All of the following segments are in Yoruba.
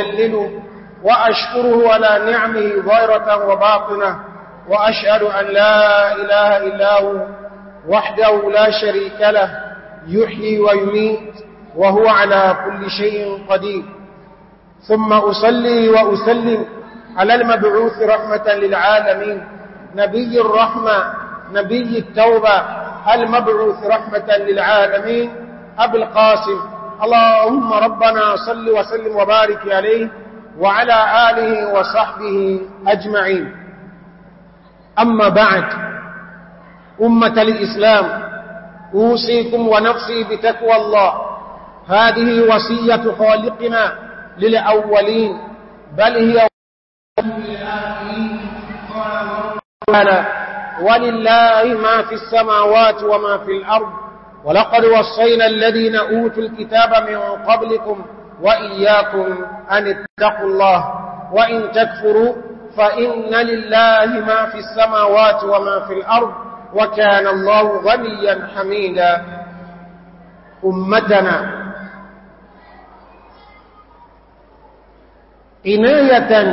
أجلله وأشكره على نعمه ظاهرة وباطنة وأشهد أن لا إله إلا هو وحده لا شريك له يحيي ويميت وهو على كل شيء قدير ثم أصلي وأسلم على المبعوث رحمة للعالمين نبي الرحمة نبي التوبة المبعوث رحمة للعالمين أبو القاسم اللهم ربنا صل وسلم وبارك عليه وعلى آله وصحبه أجمعين أما بعد أمة الإسلام أوصيكم ونفسي بتكوى الله هذه وصية خالقنا للأولين بل هي ولله ما في السماوات وما في الأرض ولقد وصينا الذين أوتوا الكتاب من قبلكم وإياكم أن اتقوا الله وإن تكفروا فإن لله ما في السماوات وما في الأرض وكان الله غنيا حميدا أمتنا عناية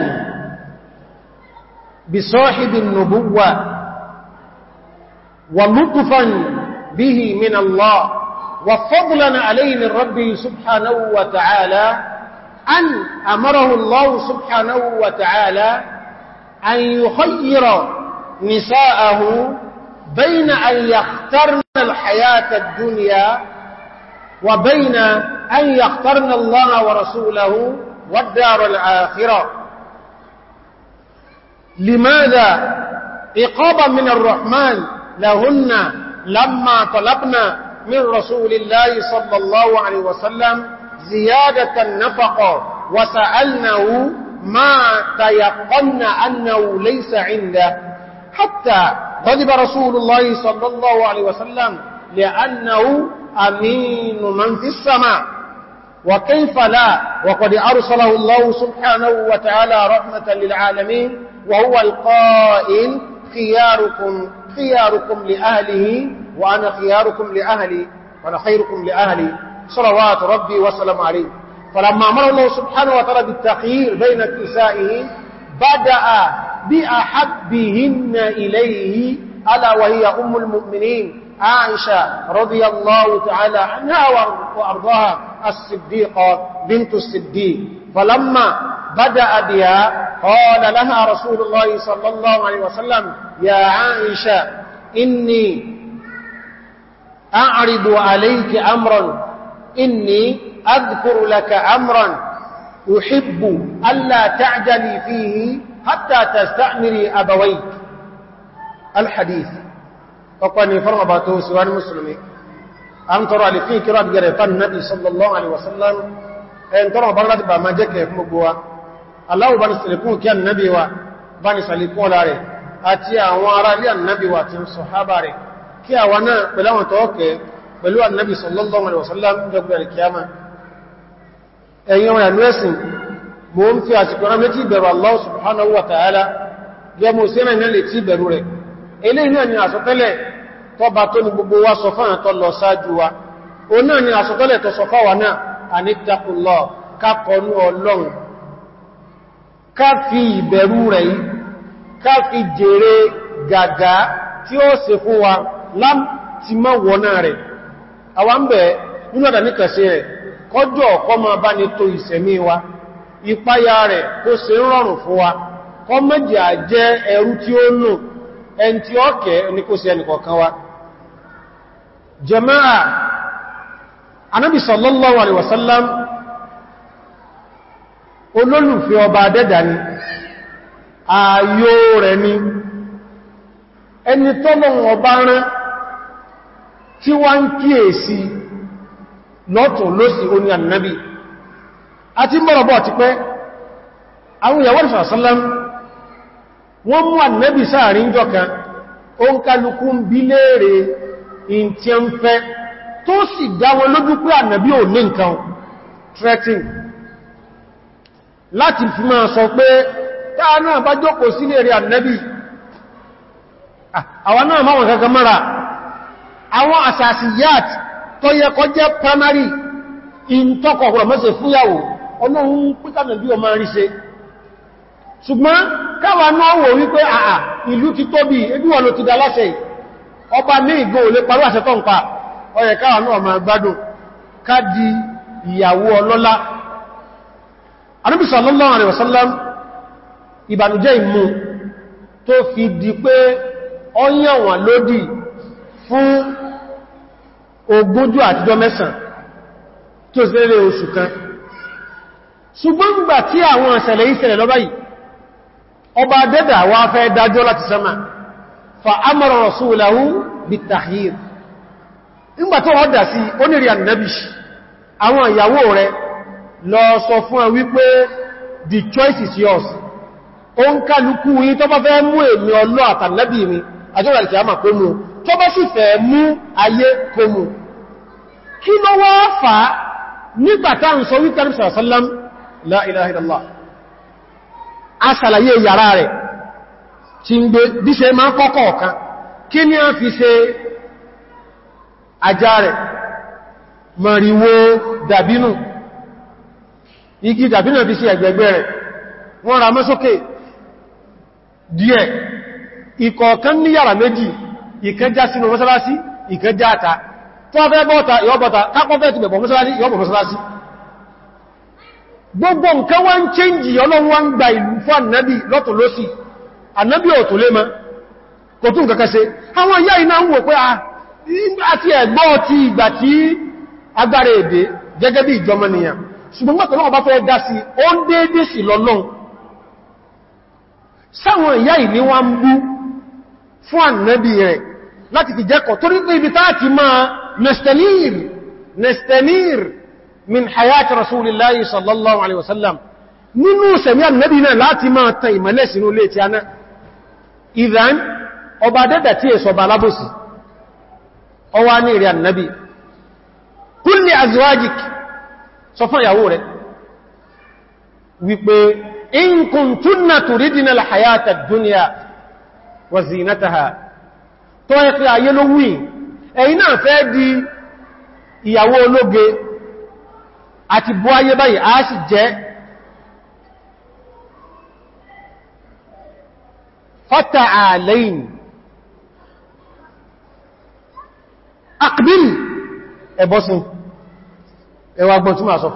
بصاحب النبوة ولطفا به من الله وفضلا عليه من ربه سبحانه وتعالى أن أمره الله سبحانه وتعالى أن يخير نساءه بين أن يخترن الحياة الدنيا وبين أن يخترن الله ورسوله والدار الآخرة لماذا إقابة من الرحمن لهن لما طلبنا من رسول الله صلى الله عليه وسلم زيادة النفقة وسألناه ما تيقن أنه ليس عنده حتى غضب رسول الله صلى الله عليه وسلم لأنه أمين من في السماء وكيف لا وقد أرسله الله سبحانه وتعالى رحمة للعالمين وهو القائل خياركم خياركم لأهله وأنا خياركم لأهلي وأنا خيركم لأهلي صلوات ربي وسلم عليه فلما أمر الله سبحانه وتعالى بالتخيير بين نسائه بدأ بأحبهن إليه ألا وهي أم المؤمنين عائشة رضي الله تعالى عنها وأرضاها الصديقة بنت الصديق فلما بدأ بها قال لها رسول الله صلى الله عليه وسلم يا عائشة إني أعرض عليك أمرا إني أذكر لك أمرا أحب ألا تعجلي فيه حتى تستعمري أبويك الحديث فقال نفرغ باته سوان المسلمين أن ترى لفيك كراب جريطان النبي صلى الله عليه وسلم أن ترى برغة ما جكه مقوى aláwọ̀ bá ní sàlẹ̀kún kí annabi wa bá ní sàlẹ̀kún ọlá rẹ̀ àti àwọn ará ilé annabi wa ti ń sọ̀hábà rẹ̀ kí àwa náà pẹ̀láwọn tọ́ọ̀kẹ́ pẹ̀lú annabi sallallahu alaihi wasallam jọgbẹ̀ alkiyama ẹ̀yin ọmọ ìlú ẹ̀sìn mo ń fi àsìkò rán létí ìbẹ̀rù Allah subhanahu wa ta'ala yẹ mo sí ẹ̀rìn náà létí ọlọ́run ká fi ìbẹ̀rù rẹ̀ yìí ká fi jèrè wa lám ti mọ́ wọ́ná rẹ̀ àwọn ń bẹ̀ nínú ọ̀dà ní kẹsẹ̀ rẹ̀ kọjọ́ ọ̀kọ́ máa bá ní tó ìsẹ̀mí wa ìpáyà rẹ̀ kó se ń rọrùn fún wa kọ je àjẹ́ ẹrú tí ó nù ẹn tí ó kẹ́ ní kó olólùfẹ́ ọba dẹ́dà ni ààyò rẹ̀ ni ẹni ọba rán tí wá ń kíyèsí lọ́tọ̀ lọ́sí oní ànábì àti mọ́rọ̀bọ̀ ti pẹ́ àwọn ìyàwó ìfàṣálám wọ́n mú ànábì sáàrin jọka ó ń kálukú ń bí léèrè in tí ń fẹ́ tó sì lójú pé ò ní nǹkan threatening láti fi máa sọ pé táà náà bá jókòó sílé rí ànẹ́bì ah, àwọn náà máa wọn kankan mara àwọn asasiyat tó yẹ kọ jẹ́ primary in tọ́kọ̀ ọ̀rọ̀ mẹ́sẹ̀ fúyàwó ọlọ́run pítàmì bí ọmọ rí se ṣùgbọ́n káwà náà wò wípé àà ìlú ti tóbi ebíwọ̀ ló ti dá láṣẹ ọba ní ìgbò olè parú àṣẹ tó ọyẹ káwà náà máa gbádùn ká di ìyàwó ọlọ́lá Ànábì sallallahu alaihi wasallam ìbànújẹ́ ìmú tó fi di pé ọyàn wà lódì fún ogójú àtijọ́ mẹ́sàn tó sì lè oṣù kan ṣùgbọ́n gbà tí àwọn ìṣẹ̀lẹ̀ ìṣẹ̀lẹ̀ lọ báyìí ọba dẹ́dà wá fẹ́ dájọ́ láti sánmà fa lọ sọ fún ẹ wípé the choice is yours o ń kálukú yí tó bá fẹ́ mú èmì ọlọ́ àtàlẹ́bì mi àjọ́rà ìkẹ́ àmà kó mú tó bá sì fẹ́ mú ayé kó mú kí ló wá fà á nígbàtà ń sọ wípé ní sàrásálám la ilaha illallah a sàlàyé yàrá rẹ̀ tí ń gbé bí ṣe máa kọ́kọ́ ọ̀kan kí ni a fi ṣe ajá rẹ̀ igi dàbínà fi sí ẹgbẹ̀gbẹ̀ rẹ̀ wọ́n ra mọ́sókè díẹ̀ ìkọ̀ọ̀kan ní yàrá méjì ìkẹjá sínú mọ́sálásí ìkẹjá àta tọ́fẹ́ bọ́ta yọ́bọ̀ta kápọ́fẹ́ ti bẹ̀bọ̀ mọ́sálásí yọ́bọ̀ mọ́sálásí gbogbo nǹkan wá ń chẹ́njì ọlọ́run wá ń gba ìlú fún ànábì lọ́tọ̀ lọ́sì ànábì ọ̀tọ̀ lé ma kò tún kankan ṣe àwọn ìyá iná ń ah, gẹ́gẹ́ bí ìjọmọ́nìyàn ṣùgbọ́n gbà tọ́lọ́wọ́ bá fẹ́ dá sí ó ń déédé sí lọ́lọ́un sáwọn ìyá ìní wá ń bú fún ànábì rẹ̀ láti fi jẹ́kọ̀ torí pé ibi táàkì máa nestanir nestanir min hayati rasulillahi sallallahu alaihi wasallam nínú sẹ̀mí ànábì náà láti máa tan ìmọ̀lẹ̀ sínú ilé ti aná ìdán ọba dẹ́dà tí èsọ ọba alábòsí ọwá ní ìrìn sọ fún ìyàwó rẹ̀ wípé in kuntunna turidina al-hayata ad-dunya wa zinataha tó yẹ pé ayé ló wí ẹ̀yin náà fẹ́ di ìyàwó ológe àti bú ayé báyìí a sì jẹ́ fata'alayn aqbil ẹ̀bọ́sùn ẹwà gbọ́n tí máa sọ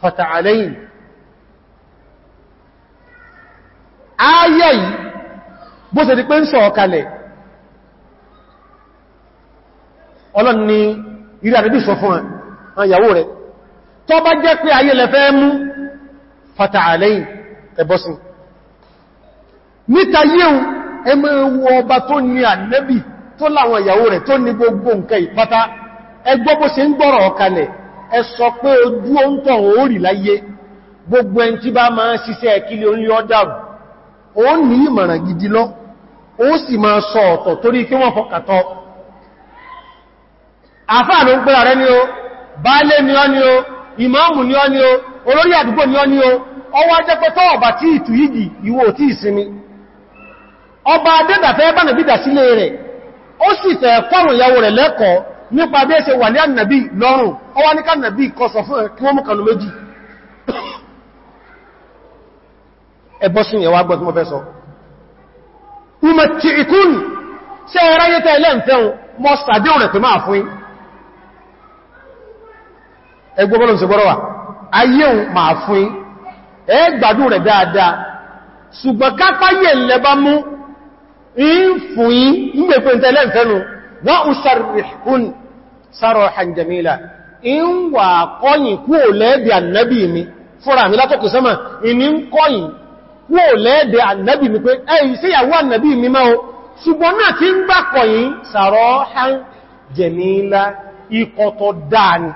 fata aláyìn ayẹ́ yi bó ṣe di pé ń sọ ọ̀kalẹ̀ ọlọ́n ni ìrìn àdébì sọ fún àwọn ìyàwó rẹ̀ tó bá jẹ́ pé ayé lẹ́fẹ́ mú fata ẹbọ́sìn níta yíò ẹmọ ewu ọba tó ní ànẹ́bì tó láwọn ìyàwó rẹ̀ tó ní gbogbo nǹkan ìpátá ẹgbọ́ bó ṣe ń gbọ́rọ̀ ọ̀kalẹ̀ ẹ sọ pé ojú ó ń tàn láyé gbogbo ẹn tí bá máa ṣiṣẹ́ ẹ̀kílẹ̀ orí ọ́dàrù ó ní ìmọ̀ràn gidi lọ o sì máa sọ ọ̀tọ̀ torí kí wọ́n fọkàtọ́ àfáà ló ń pẹ́ra rẹ ni o baálé ni ọ́ ni o ìmáàmù ni ọ́ ni o olórí àdúgbò ni ọ́ ni o ọwọ́ ajẹ́pẹ́tọ́ ọ̀bà nípa bí ẹsẹ̀ wà ní ànàbí lọ́rùn ó wá ní kànàbí kọsọ̀ fún ẹ̀ kí wọ́n mú kànú méjì ẹbọ́ sí ìyẹ̀wà gbọ́n tí mo fẹ́ sọ ìmọ̀ tí ìkún sí ọ̀rọ̀ ayé tẹ́ẹ̀lẹ́ ǹfẹ́un mọ́ sàdéhùn rẹ̀ pé máa fún ẹgbọ́ dáadáa ṣùgbọ́n kápáyẹ̀ lẹ́bá mú ń fún yí ń gbẹ̀pẹ̀ tẹ́ẹ̀lẹ́ ǹfẹ́nu wọ́n ń sàrìkún sáròhàn jamila in wà kọ́yìn kú ò lẹ́ẹ̀dẹ̀ annabi mi fúnra mi látọ̀kù sánmà ìní ń kọ́yìn kú ò lẹ́ẹ̀dẹ̀ annabi mi pé ẹ̀yìn sí ìyàwó annabi mi máa o ṣùgbọ́n náà ti ń gbà kọ́yìn sáròhàn jamila ikọ̀tọ̀ dáa ni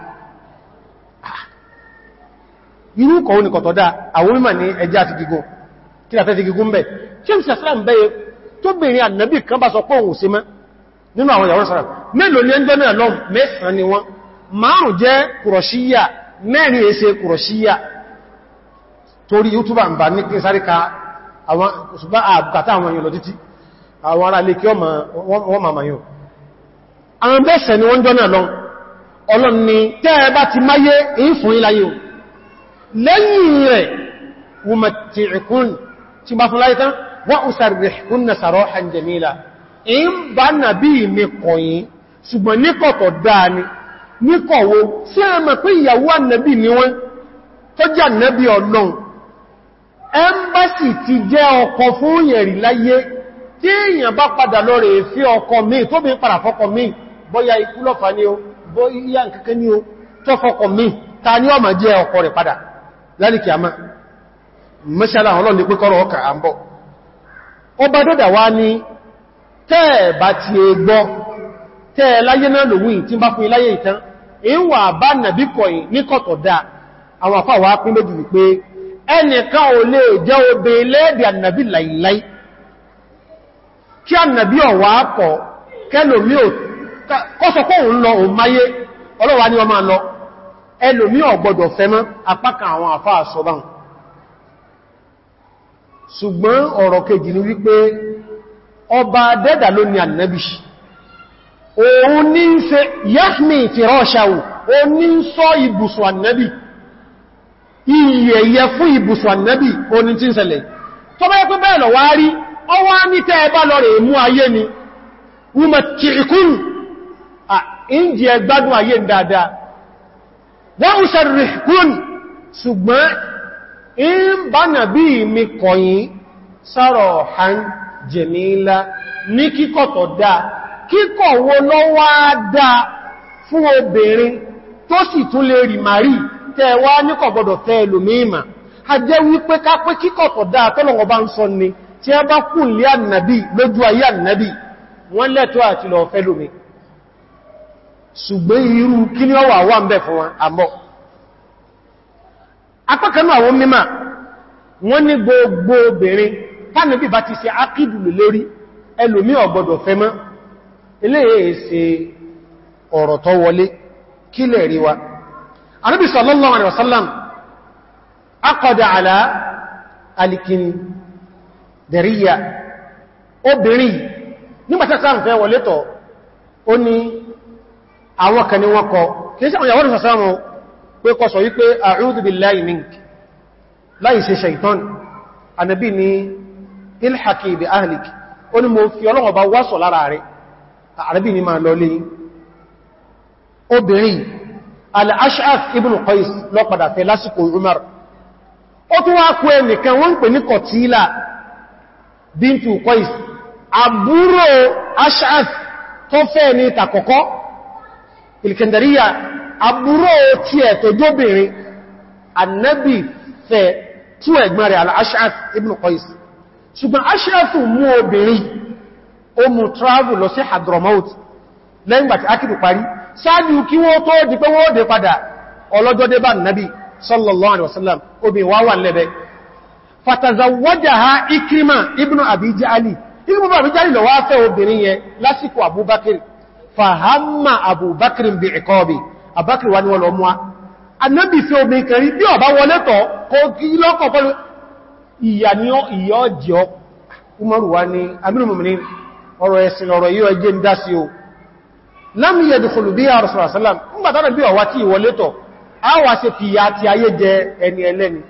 ah nínú àwọn ìyàwó sára mélòó ní ẹgbẹ́ náà lọ mẹ́sàn ni wọ́n márùn jẹ́ kùrọ̀ṣíyà mẹ́rin èsẹ kùrọ̀ṣíyà torí yútúbà ń bá ní kí sáré ka àwọn ṣùgbọ́n àbùkàtà àwọn èèyàn lọ títí àwọn ará lè kí wọ́n màmà yàn àwọn mẹ́sàn ni wọ́n jọ náà lọ ọlọ́n in bá nàbí mi kọ̀yìn ṣùgbọ́n níkọ̀tọ̀ dáa ni níkọ̀wó sí ẹmọ̀ pé ìyàwó ànàbí ni wọ́n tó jẹ́ ti jẹ́ ọkọ fún yẹ̀rì láyé tí èèyàn bá padà lọ rẹ̀ fi ọkọ mi tó bí padà fọ́kọ mi bóyá ikú lọ́fà ní o bóyá nkankan ní o tó fọ́kọ mi ta ní ọmọ jẹ́ ọkọ rẹ̀ padà lálìkì àmá mẹ́ṣàlá ọlọ́run pẹ́kọ́rọ̀ ọkà àmbọ̀ ọba dọ́dà wá tẹ́ẹ̀bá ti gbọ́ tẹ́ẹ̀ láyé náà lòwú tí bá fún iláyé ìtàn in bá nàbí kọ̀yìn ní kọ̀tọ̀ àwọn àfá wà pín méjì wípé ẹnìkan ò lè jẹ́ obe lẹ́ẹ̀dì ànàbí láìláì kí ànàbí ọ̀wà kọ̀ ọba dẹ́dà ló ní ànàbì òun ní ń ṣe yahmi firashahu òun ní ń sọ ibùsùn ànàbì ìyẹ̀yẹ fún ibùsùn ànàbì òun tí ń ṣẹlẹ̀ tó bá yẹ pé bẹ́ẹ̀ a wá rí ọwá ní tẹ́ ẹbá lọ rẹ̀ mú ayé ni mi sọ́rọ̀ hàn jẹ̀mílá ní kíkọ̀ tọ̀ dáa kíkọ̀ wo lọ wá dáa fún obìnrin tó sì tún lè rí màrí tẹ́ẹ̀wá ní gbọdọ̀ fẹ́ ẹlòmíìmà a jẹ́ wípé ká pé kíkọ̀ tọ̀ dáa tọ́lọ̀wọ́ bá ń sọ ni tí a bá kún lé ànàbí lójú ayé ànàbí wọ́n lẹ́tọ́ àti lọ fẹ́ irú kí ní ọwà wà gbogbo obìnrin tánàbí bá ti ṣe ákìdùlù lérí ẹlòmí ọ̀gbọ̀dọ̀ fẹ́ mọ́ eléyìí ṣe ọ̀rọ̀ tó wọlé kí lè rí wa anábì sallallahu alaihi wasallam aqada ala al-Kindariyya obìnrin nígbàtàkà ń fẹ́ wọlé tọ̀ ó ní àwọn kan ní wọ́n kọ kìí sí àwọn ìyàwó ìsàsáàmù pé kọ sọ wípé a'udhu billahi minki láì ṣe ṣaitan ànàbí ni ilhaki ibi ahlik ó ní mo fi ọlọ́wọ̀ bá wásọ̀ lára rẹ̀ àrẹ́bì ni máa lọ lé obìnrin al-ash'af ibn qais lọ padà fẹ́ lásìkò umar ó tún wá kú ẹnìkan wọ́n ń pè ní kọtílà bíntù qais àbúrò ash'af tó fẹ́ ní takọ̀kọ́ ilkandariya àbúrò tí ẹ̀ tó jóbìnrin annabi fẹ́ tú ẹ̀gbọ́n rẹ̀ ibn qais ṣùgbọ́n aṣírẹ́fù mú obìnrin ó mú travel lọ sí Hadramaut lẹ́yìnbàtí akìdù parí sáájú kí wọ́n tó di pé wọ́n dé padà ọlọ́jọ́ dé bá nàbí sallallahu alaihi wasallam obìnrin wá wà lẹ́bẹ̀ fatazawwajaha Ikrima ibn Abi Ja'ali ibn Abi Ja'ali lọ wá fẹ́ obìnrin yẹn lásìkò Abubakar fahamma Abubakar bi iqabi ìyà ni ìyọ́ jẹ́ ọ umaru wa ni amínumùmí ọ̀rọ̀ ẹ̀sìn ọ̀rọ̀ yíò ẹgbẹ́ ń dá sí o lámì yẹ̀dùkùlù bí i rọ̀sọ̀rọ̀sọ́lám nígbàtánà bí ọ̀wá tí ìwọlé tọ̀ a wà ṣe fi ìyà àti ayé jẹ ẹni ẹlẹ́ni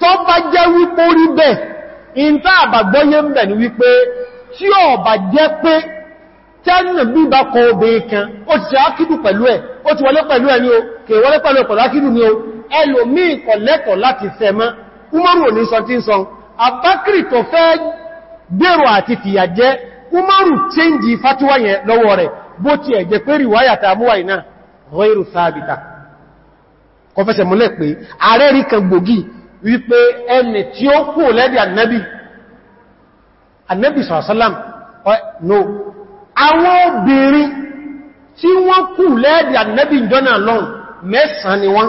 tó bá jẹ́ wípó rí bẹ́ ìntà àbàgbọ́yé umaru ò ní sọ tí ń sọ abákìrì tó fẹ́ gbèrò àti fìyà jẹ umaru chéńjì fatuwa yẹn lọ́wọ́ rẹ̀ bó ti ẹ̀jẹ̀ pé ríwáyà tàbúwà iná rọ́ìrù sáàbìta kò fẹsẹ̀ múlẹ̀ pé ààrẹ rí kan gbògì wípé ẹni tí ó kú lẹ́dì annabi annabi sọ̀rọ̀sọ́lám no àwọn obìnrin tí wọ́n kú lẹ́dì annabi jọ́nà lọ́n mẹ́sàn ni wọ́n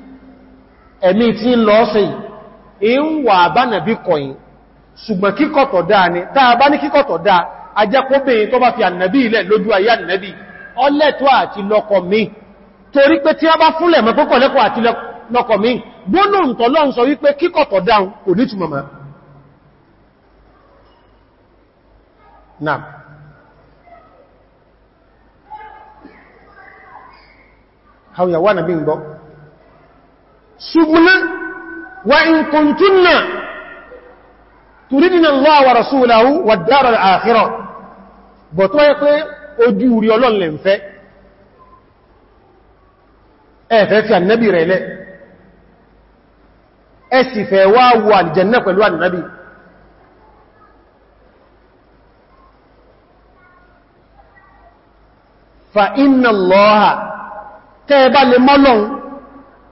ẹ̀mí tí ń lọ sí in wà bánàbí kọ̀yìn ṣùgbọ́n kíkọ̀tọ̀ dáa ni táa bá ní kíkọ̀tọ̀ dáa ajẹ́kóbìnrin tó bá fi ànàbí ilẹ̀ lójú ayé ànàbí ọlẹ́tọ́ àti lọ́kọ mi torí pé tí a bá fúnlẹ̀ mọ́ púpọ̀ lẹ́kọ̀ àti lọ́kọ mi gbónú ìtọ́lọ́ ń ń gbọ́ ṣùgbọ́n wa in kuntunna turidina Allah wa rasulahu wa dara al-akhirah bọ̀ tó yẹ pé ojú rí Ọlọ́run lẹ ń fẹ́ ẹ̀fẹ́ fi annabi rẹ̀ lẹ́ ẹ̀sì fẹ́ wá wọ aljanna pẹ̀lú annabi fa inna Allah tẹ́ẹ̀bá lè mọ́lọ́un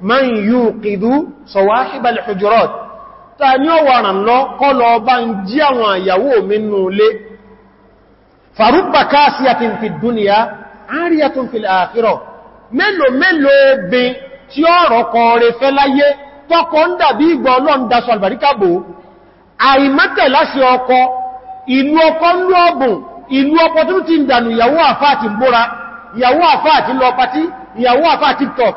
man yuqidu sawahib al-hujurat ta ni ó wà ràn lọ kọ́ lọ bá ń jí àwọn àyàwó mínú lé farubba kasiyatin fi duniya ariyatun fil akhirah mélòó mélòó obin tí ó rọ̀kọ̀ rẹ̀ fẹ́ láyé tọ́kọ ń dàbí ìgbà ọlọ́n daṣọ albarikabo àìmọ́tẹ̀ láti ọkọ ìlú ìyàwó àfáà ti lọ patí ìyàwó àfáà tiktok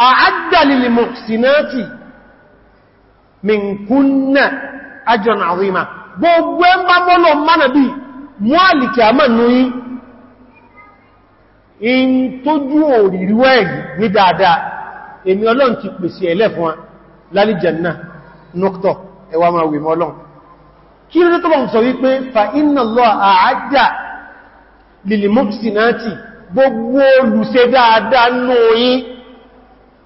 أعد للمحسنات من كن أجرا عظيما gbogbo ẹ bá mọ́lọ mọ́nà bí mọ́ àlìkì àmà núyí in tójú òrìríwẹ̀ yìí ní dáadáa èmi ọlọ́run ti pèsè ẹ̀lẹ́ fún wa lálìjẹ̀nà nọ́kọ̀tọ̀ ẹwà máa wè mọ́lọ́run kí ló tó bọ̀n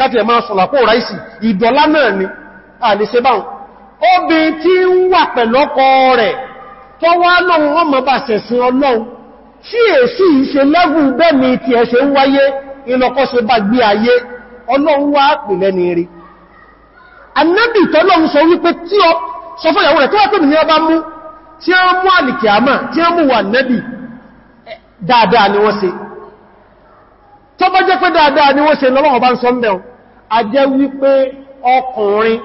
káti ẹ̀ máa sọ̀làpò ráìsì ìdọ̀lá náà ni a lè ṣe báhùn obì tí ń wà pẹ̀lọ́kọ rẹ̀ tó wá lóhun ọmọ bá sẹ̀sìn ọlọ́run tí èsì ìṣe lẹ́gùn bẹ́ẹ̀ni tí ẹ̀ṣẹ̀ ń wáyé ìlọ́kọ́ ṣe bá gbé ayé ọlọ́run wá pè lẹ́ni rí anábì tọ́lọ́run sọ wípé tí ọ sọ fún ìyàwó rẹ̀ tó wà pè ní ọba mú tí ó mú àlìkìámà tí ó mú wà nẹ́bì dáadáa ni wọ́n ṣe tó bá jẹ́ pé dáadáa ni wọ́n ṣe lọ́wọ́ bá ń sọ mẹ́un a jẹ́ wípé ọkùnrin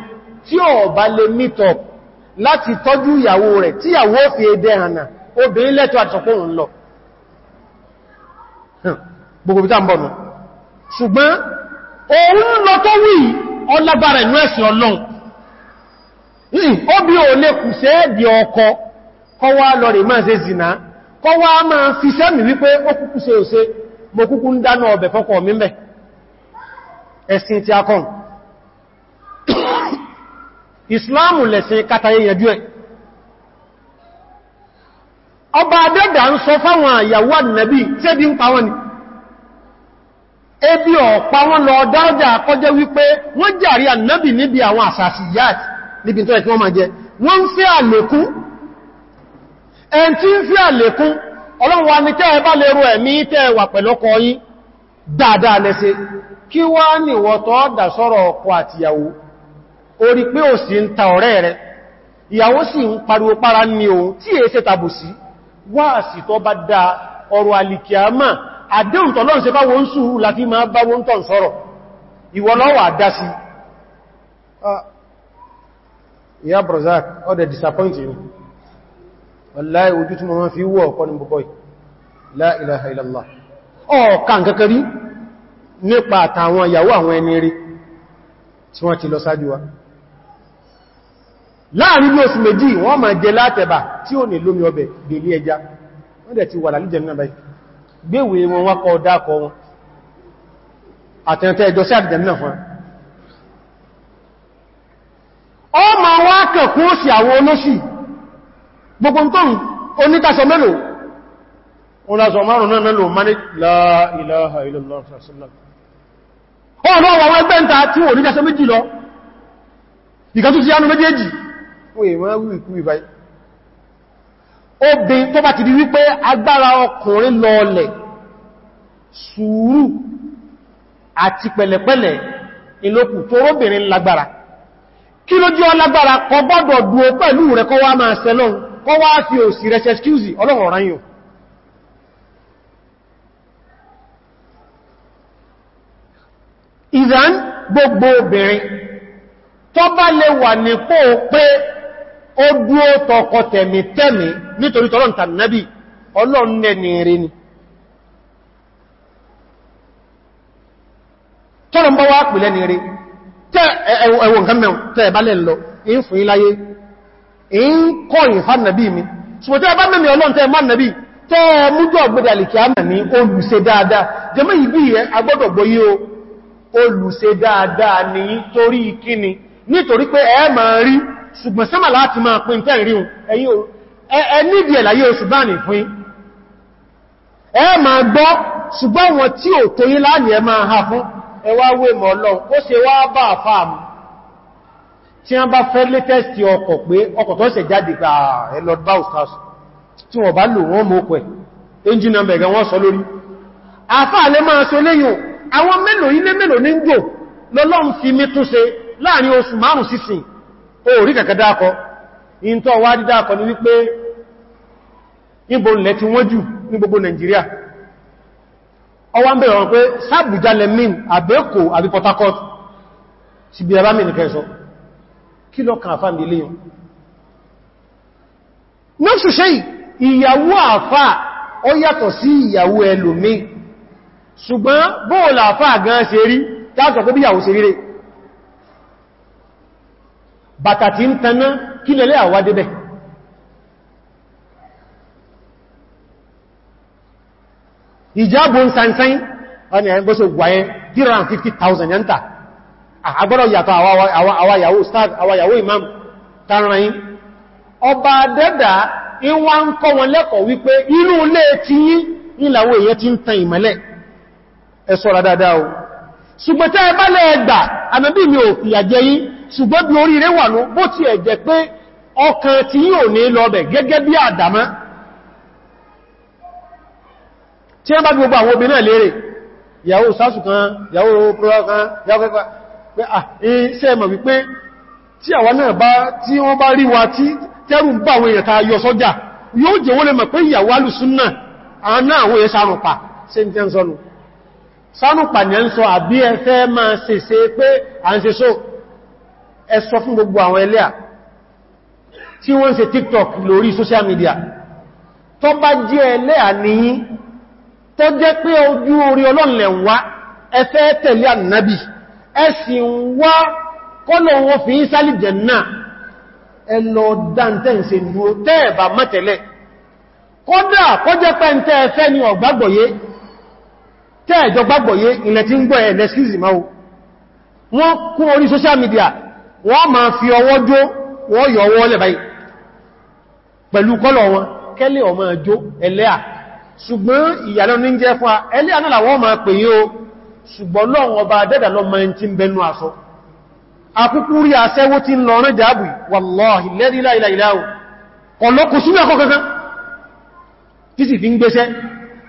tí ó bá lè mítọ̀ láti tọ́jú ìyàwó rẹ̀ tí ìyàwó fi èdè hànà obìnrin lẹ́tọ́ àtọ̀kùnrin lọ gbogbo bí tàbí ṣùgbọn ṣùgbọ́n òun lọ tó wí ọlágbára inú ẹ̀sìn ọlọ́run ọkọ kọwa mo ń dáná fọ́kọ̀ ẹ̀sìn tí a kọ́ ìsìláàmù lẹ̀sìn kátayé yẹjú ẹ̀ ọba adẹ́dà ń sọ fáwọn àyàwó ànàbí tí ẹbí pa wọn ni ebi ọ̀pá wọn lọ dáadáa akọ́jẹ́ wípé wọ́n jàrí ànàbí níbi àwọn àsàsì yáàt níbi tí wa dáadáa lẹ́sẹ̀ kí wá ní wọ́tọ́ dà sọ́rọ̀ ọkọ àtìyàwó orí pé ò sí ń ta ọ̀rẹ́ rẹ̀ ìyàwó sì ń pariwo para ní ohun tí è ṣe tàbùsí wá àsìtọ́ bá dá ọrọ̀ alìkìámà àdéhùn tọ́lọ́n ṣe fáwọn ń sùúrù láti máa bá wọ́n tọ́n sọ́rọ̀ ìwọ lọ́wọ́ àdásí ìyá ah, brozak ọdẹ̀ disappointing wallahi ojú tí mo máa fi wọ́ ọ̀kọ́ ní gbogbo la ilaha illallah ọ̀ọ̀kan kẹkẹrí nípa àtàwọn ìyàwó àwọn ẹni rí tí wọ́n ti lọ sáájú wa láàrin bí oṣù méjì wọ́n máa jẹ látẹ̀bà tí ó ní lómi ọbẹ̀ dèlé ẹja wọ́n dẹ̀ ti wà lálíjẹ̀ náà báyìí gbéwé wọn wá kọ dákọ̀ wọn àtẹ̀ntẹ̀ ẹjọ́ sí àdìjẹ̀ náà fún wọ́n lásọ márùn náà lò mani la ilaha illallah sallallahu ọ̀rọ̀ náà wọ́n ẹgbẹ́ ń ta tí wò ní jẹ́sẹ́ méjì lọ ìkàtù ti yánú méjèèjì oye wọ́n wí ikú ìbáyí obìn tó bá ti di wípé agbára ọkùnrin lọọlẹ̀ sùúrù àti pẹ̀lẹ̀pẹ̀lẹ̀ ìlòkù tó róbìnrin lágbára kí ló jẹ́ ọlágbára kọ gbọ́dọ̀ dúó pẹ̀lú rẹ̀ kọ́ ìdán gbogbo obìnrin tó bá lè wà nípò pé ó dúó tọkọ tẹ̀mì tẹ̀mì nítorí tọ́lọ́n tàbí ọlọ́nà ní rí ni tọ́lọ́n bá wá pìlẹ̀ ní rí tẹ́ ẹwọ nǹkan mẹ́un tẹ́ ẹ̀bá lẹ́ lọ in fún iláyé in mi ṣùgbọ́n ẹbá mẹ́mí ọlọ́n tẹ́ má nàbí tẹ́ mújọ́ dáadáa jẹ́mọ́ ìbí agbọ́dọ̀gbọ́ olùṣe dáadáa ní torí kíni nítorí pé ẹ máa rí ṣùgbọ́n sẹ́mà láti máa pín tẹ́ rí ẹni díẹ̀ láyé oṣù bá ní pín ẹ máa gbọ́ ṣùgbọ́n wọn tí ò tó yí láàrín ẹ máa ha fún ẹwà wé mọ̀ lọ́n ó ṣe wá bá fáàmù tí wọ́n mọ́ pẹ̀ ah, engine number gan wọ́n sọ lórí àfáà lè máa so léyìn àwọn mélòó ilé mélòó ní jò lọ́lọ́n fi mí tún ṣe láàrin oṣù márùn sísìn orí kẹ̀kẹ́ dákọ in tó wá dídákọ ní wípé níbo lẹ ti wọ́n jù ní gbogbo Nàìjíríà ọwá ń bẹ̀rẹ̀ wọn pé sábùjá lẹ́mìn àbẹ́kò àbí Port ìyàwó àfáà ó yàtọ̀ sí ìyàwó ẹlòmíì ṣùgbọ́n bóòlà fà gan ṣe rí tààtọ̀ kó bíyàwó ṣe ríre bàtà tí ń tanná kí lẹ́lẹ́ àwá débẹ̀ ìjábò ń sánsán ọ̀nà ẹ̀ gbọ́sọ̀ gbáyẹ 350,000 yẹntà àgbọ́rọ̀ yàtọ̀ àwáyàwó ustad àwáyàwó imam tánrayín ọba dẹ́dà ìwọ́n ń kọ́ wọn lẹ́kọ̀ọ́ wípé inú ilé tí yí ìlàwó èyẹ ti ń tan ìmọ́lẹ̀ ẹ̀ṣọ́ra dáadáa o ṣùgbọ́n tẹ́ bá lẹ́ẹ̀gbà ànábì mi ò fìyà jẹ yín ṣùgbọ́n bí orí rẹ̀ wà ló bó ti ẹ̀jẹ̀ pé ọkàn tí yíò ní lọ́bẹ̀ gẹ́gẹ́ bí àdámá tí wọ́n bá gbogbo àwọn obìnrin lérè yàwó sásù yàwó púrọ́ àwọn wa tí tẹ́rù ń bá àwọn èèyàn ta yọ sọ́jà yóò jẹ́ wọ́n lè mọ̀ pé ìyàwó alùsùn náà àwọn náà àwọn èèyàn sárùn pa ṣe ń tẹ́ ń sọ́nù sánúpà ní ẹ́n sọ àbí ẹfẹ́ máa ṣe ṣe pé a ń ṣe ṣó ẹ fún gbogbo àwọn ẹlẹ́à tí wọ́n ṣe tiktok lórí social media tó bá jẹ́ ẹlẹ́à níyí tó jẹ́ pé ojú orí ọlọ́nlẹ̀ wá ẹfẹ́ tẹ̀lé ànábì ẹ̀sìn wá kọ́lọ̀ wọn fi ń sálì jẹ̀ náà tẹ́ẹ̀jọ gbàgbọ́yé ilẹ̀ tí ń gbọ́ ẹ̀ lẹ́skìsì máa wọ́n kún orí social media wọ́n ma fi ọwọ́ jó wọ́n yọ ọwọ́ lẹ̀ báyìí pẹ̀lú kọ́lọ̀ wọn kẹ́lẹ̀ ọmọ jó ẹlẹ́à ṣùgbọ́n ìyàlọ́ ní jẹ́ fún ẹlẹ́à náà wọ́n ma pè yí o ṣùgbọ́n lọ́wọ́n ọba dẹ́dà lọ ma ti ń bẹnu àṣọ akúkú rí aṣẹ́wó kankan tí sì fi ń gbéṣẹ́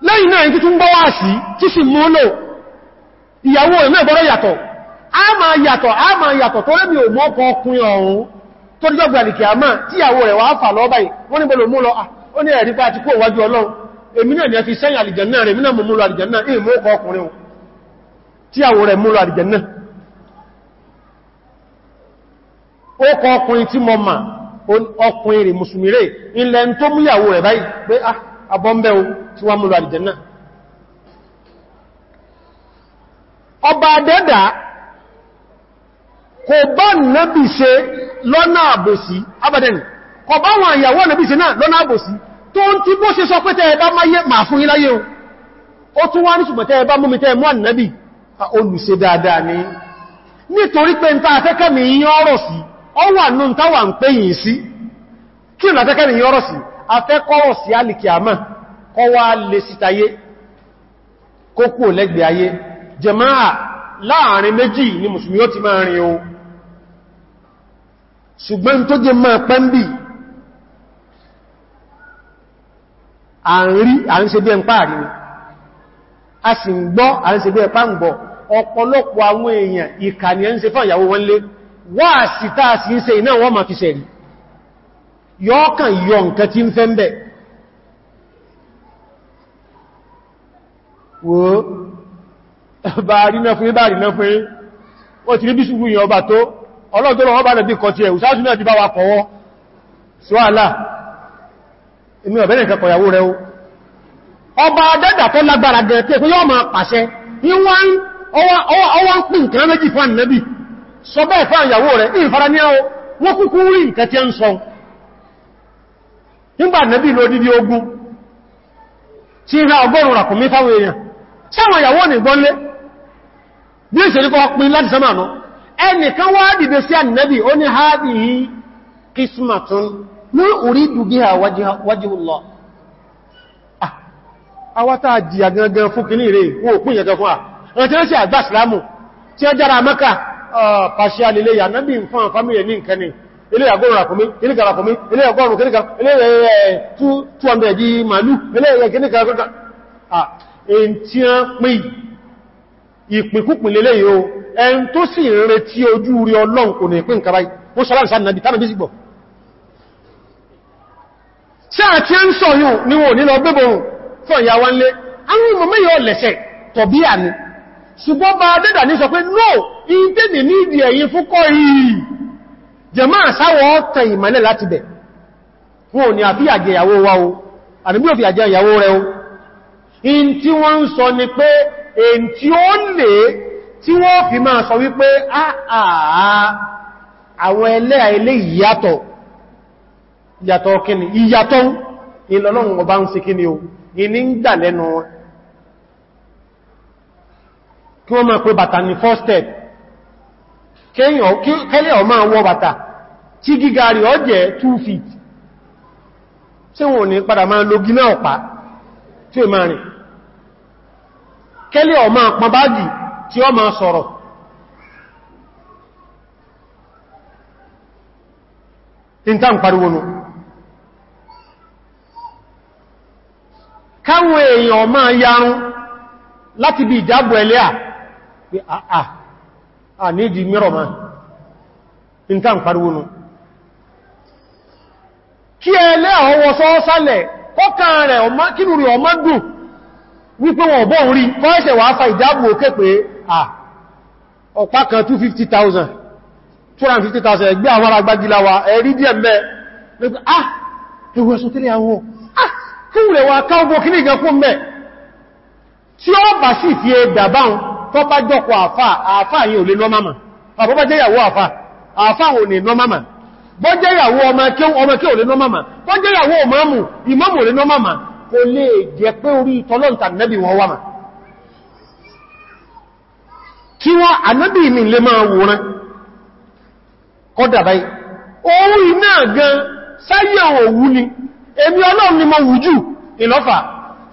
lẹ́yìn náà tí tún gbọ́wà sí tí sì mú lò ìyàwó ẹ̀mẹ́ ìgbọ́rọ̀ yàtọ̀ a ma yàtọ̀ a ma yàtọ̀ tó rẹ́mì ò mọ́kọ̀ ọkùn ọ̀run tó díjọ́ gbàlìkì àmà tí ìyàwó rẹ̀ wà fà lọ́ọ́bà yìí wọ́n ní bọ́lọ̀ mú lọ ah, ó ní ẹ̀rí pa ti kó wájú ọlọ́run èmi náà ni ẹ fi sẹ́yìn tó múyàwó rẹ̀ báyìí pé ah abọ́m̀bẹ̀ tí wọ́n múlò àdìjẹ̀nà ọba adẹ́dà kò bá nàbì ṣe lọ́nà àbòsí abadẹ́ni kò bá wọn àyàwó nàbì ṣe náà lọ́nà àbòsí tó ń tí bó ṣe sọ pé tẹ́ ẹbá o tún wá ní ṣùgbọ́n tẹ́ ẹbá mú tẹ́ mọ́ ànàbì olùṣe dáadáa ni nítorí pé ta mi yín ọ̀rọ̀ sí ọwà nù ń pè yìí sí kí afẹ́kọ́rọ̀ sí alìkì àmà kọ́ wá lè sítayé kó kú lẹ́gbẹ̀ ayé jẹmáà láàrin méjì ni mùsùlùmí ó ti máa rìn o ṣùgbọ́n tó jẹ máa pẹ́mbì à ń rí à ń ṣe bí ẹnpá rí a sì ń gbọ́ à ń ṣe bí ẹpá ń gbọ́ ọ̀pọ̀lọpọ̀ àwọn èèyàn ìkà ni ẹ fún ìyàwó wọn lé wáà sí táà sí ń ṣe iná wọ́n ma fi ṣẹ̀rí yọ́ọ̀kàn yọ nǹkan tí ń fẹ́ ń bẹ̀ wo bá rí náà fún ibá rí náà fún wọ́n ti rí bí ṣùgbù yìí ọba tó ọlọ́dọ́rọ̀ ọba rẹ̀ bí kọtí ẹ̀ ìsáàtù náà ti bá wa kọ̀wọ́ ṣọ́àlá inú ọ̀bẹ́rẹ̀ kẹkọ̀ ìyàwó rẹ̀ ọba dẹ́dà tó lágbára gẹ̀ẹ́ wọ́n kúkú rí nǹkan tí ó ń sọ nígbà nẹ́bí ló dídí ogun tí ra ọgọ́rùn ràkùnmí fáwọn èèyàn sáwọn ìyàwó ní gbọ́nlé bí i ṣeríkọ́ pín láti sánmà náà ẹnìkan wá dìde sí ànìyàn ó ní hádìí kìsmatun ní orí dùgí àwájíhùlọ a. ilé àgọ́rùn àkùnmí ilé kàràkùnmí ilé àgọ́rùn kìníkà ilé rẹ̀ 200 di màálù ilé rẹ̀ kìníkà kọ́kà ẹn tí a pín ìpínkúpín lélẹ̀ yóò ẹn tó sì retí ojú rí ọlọ́run kò ní ìpín kàrà ó sọ́lá ìsáàdì nàbí tánàbí sí gbọ̀ sáà tí a ń sọ yóò ni wọn ò ní lọ gbébòrùn fún ìyá wa ń lé àwọn ìmọ̀mẹ́ yóò lẹ̀ṣẹ̀ tọ̀bí àní ṣùgbọ́n bá dẹ́dà ní sọ pé no ìdẹ́dì ní ìdí ẹ̀yìn fún kọ́ yìí jẹmọ́ àsáwọ̀ ọ̀tẹ̀ ìmọ̀lẹ̀ láti bẹ̀ wọn ò ní àfí àjẹ ìyàwó wa o àdìbí òfì àjẹ ìyàwó rẹ o in tí wọ́n ń sọ ni pé èyí tí ó lè tí wọ́n fi máa sọ wípé àwọn ẹlẹ́ àìlé ìyàtọ̀ first step kẹ́lẹ̀ ọmọ wọ bàtà tí gíga rí ọ jẹ́ 2 feet tí wọ́n ní padà máa lógi náà ọ̀pá tí ó máa rìn kẹ́lẹ̀ ọmọ pọn báàgì tí ó máa sọ̀rọ̀ ìntà ń pariwo nù káwọn èèyàn máa yarun láti bí ìjábọ̀ ẹlẹ́à pé àà ah, ah, a ah, ní ìdí mírọ̀ ma in ta n pariwo nù kí ẹlẹ́ ọwọ́ sọ́ọ́sálẹ̀ kọ́kà rẹ̀ kínú rí ọmọ dùn wípé wọn bọ́ orí fọ́ẹ̀ṣẹ̀ wà fa ìjábù òkè pé à ọ̀pá kan 250,000 250,000 ẹgbẹ́ àwọn agbágilá wa ẹ̀rí díẹ̀ mẹ́ ah ẹwọ́ ẹ̀sùn tẹ́lẹ̀ ah kí wùlẹ̀ wà káwọn bó kí ní ìgẹ́kún mẹ́ tí ó bà sí fi ẹ̀dà báhùn tó bá jọkọ̀ àfà àfà yìí ò lè lọ máma àbọ́bá jẹ́ ìyàwó àfà àfà ò lè lọ máma bọ́ jẹ́ ìyàwó ọmọ kí ò lè lọ máma bọ́ jẹ́ ìyàwó ìmáàmù ìmáàmù ò lè lọ máma kò lè jẹ́ pé orí tọ́lọ́ntà nẹ́bì wọn wà mà kí wọ́n ànábì mi lè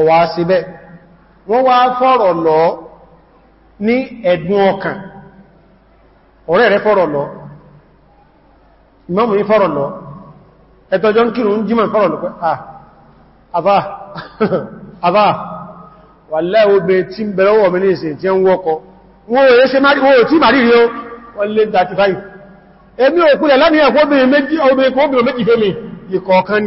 ọwà síbẹ̀ wọ́n wá fọ́rọ̀ lọ ní ẹ̀dùn ọkàn ọ̀rẹ́ rẹ̀ fọ́rọ̀ lọ ìmọ́mù yí fọ́rọ̀ lọ ẹ̀tọ́jọ́ ń kírùn jímọ̀ fọ́rọ̀ lọ pé àbá àbá wà lẹ́wọ́gbé tí ń bẹ̀rẹ̀ ọwọ́ mẹ́lẹ́ ìsìn tí ń wọ́kọ́ wọ́n èé ṣe máa wọ́n tí màrí rí ó wọ́n lé mi ìkọ̀ọ̀kan